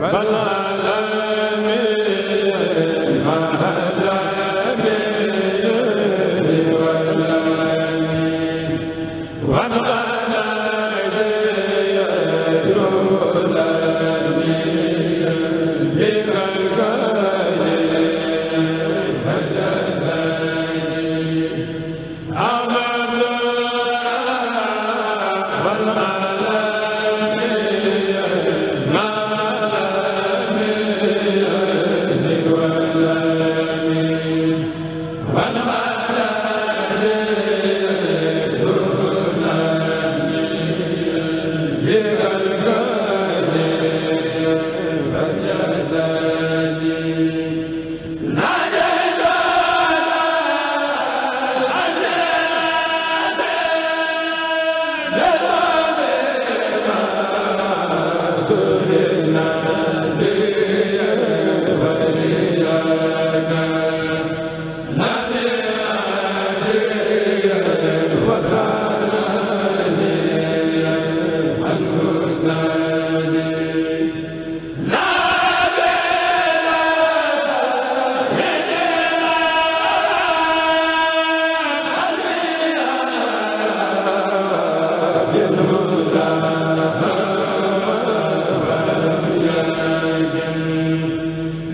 bala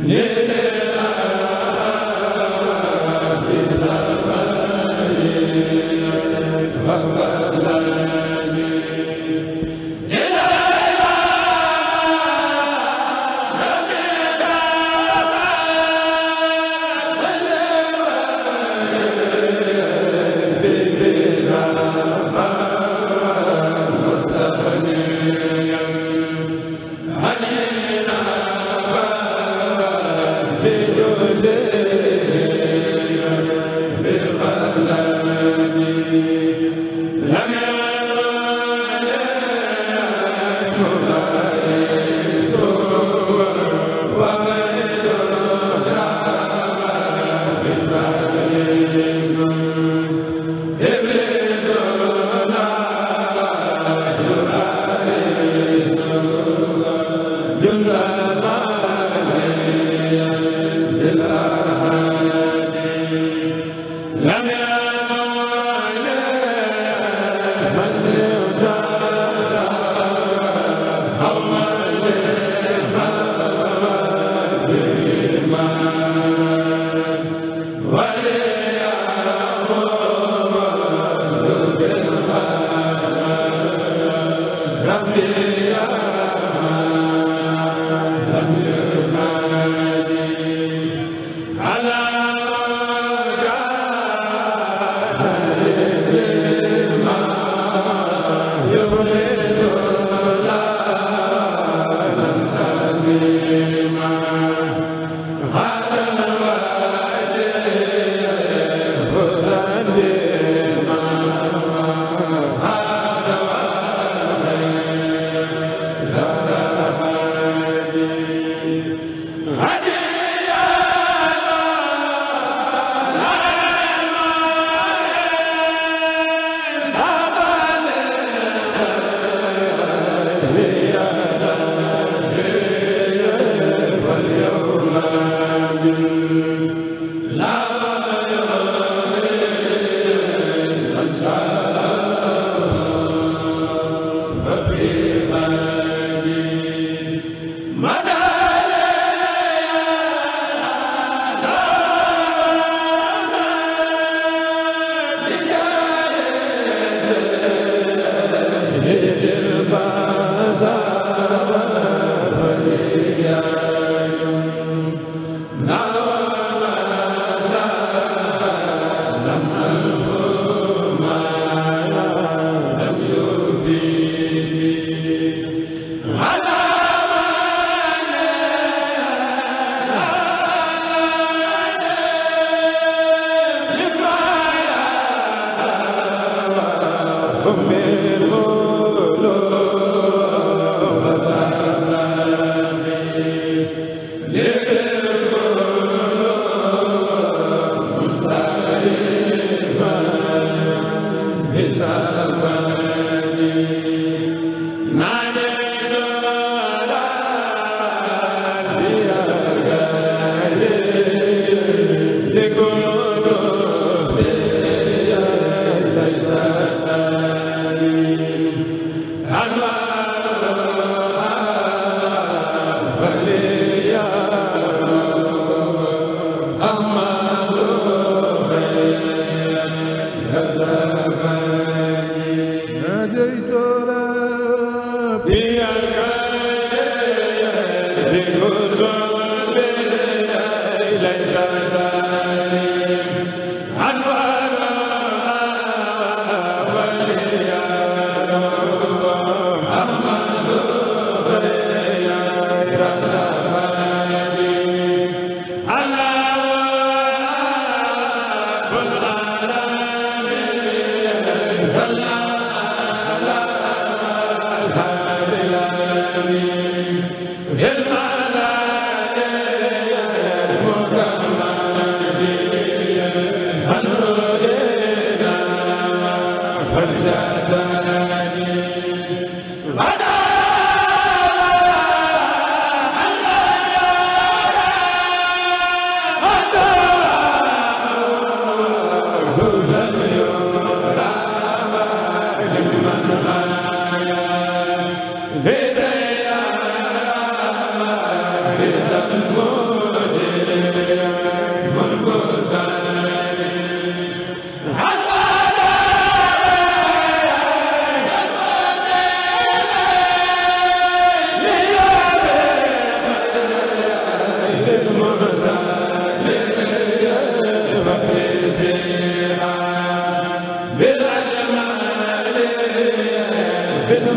léegi la Amen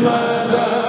ma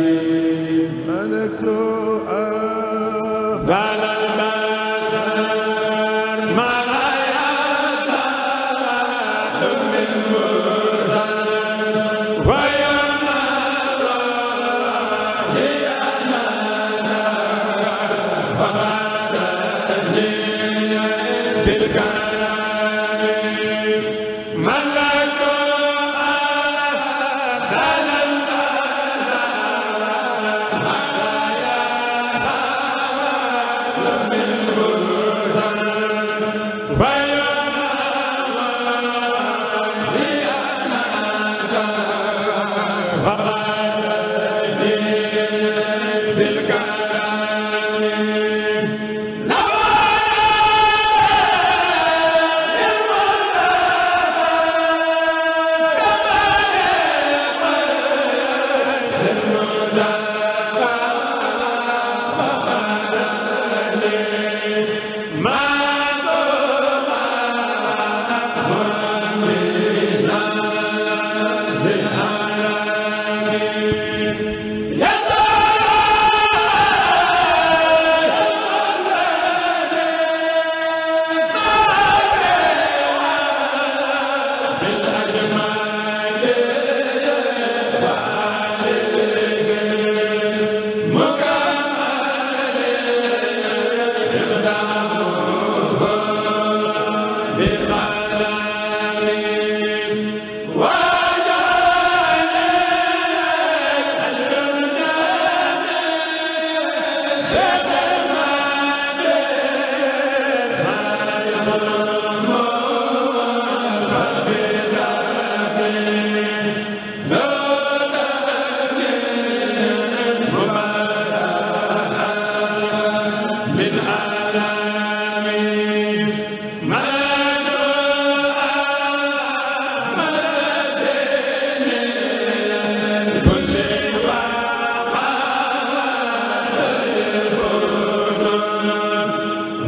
العليم ملكت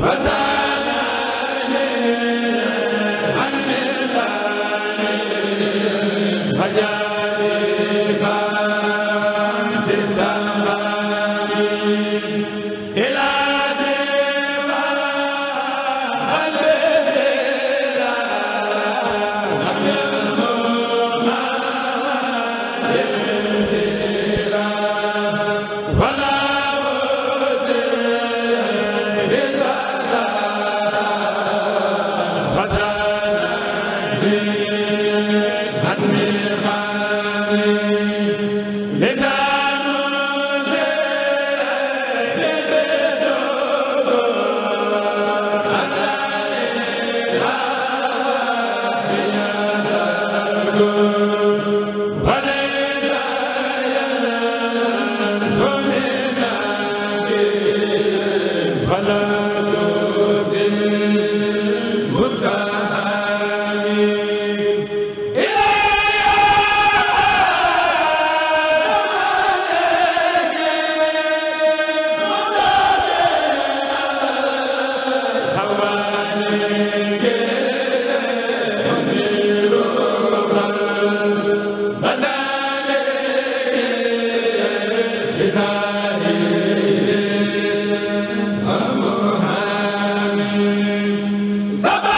wa Sabaa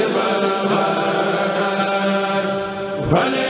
wal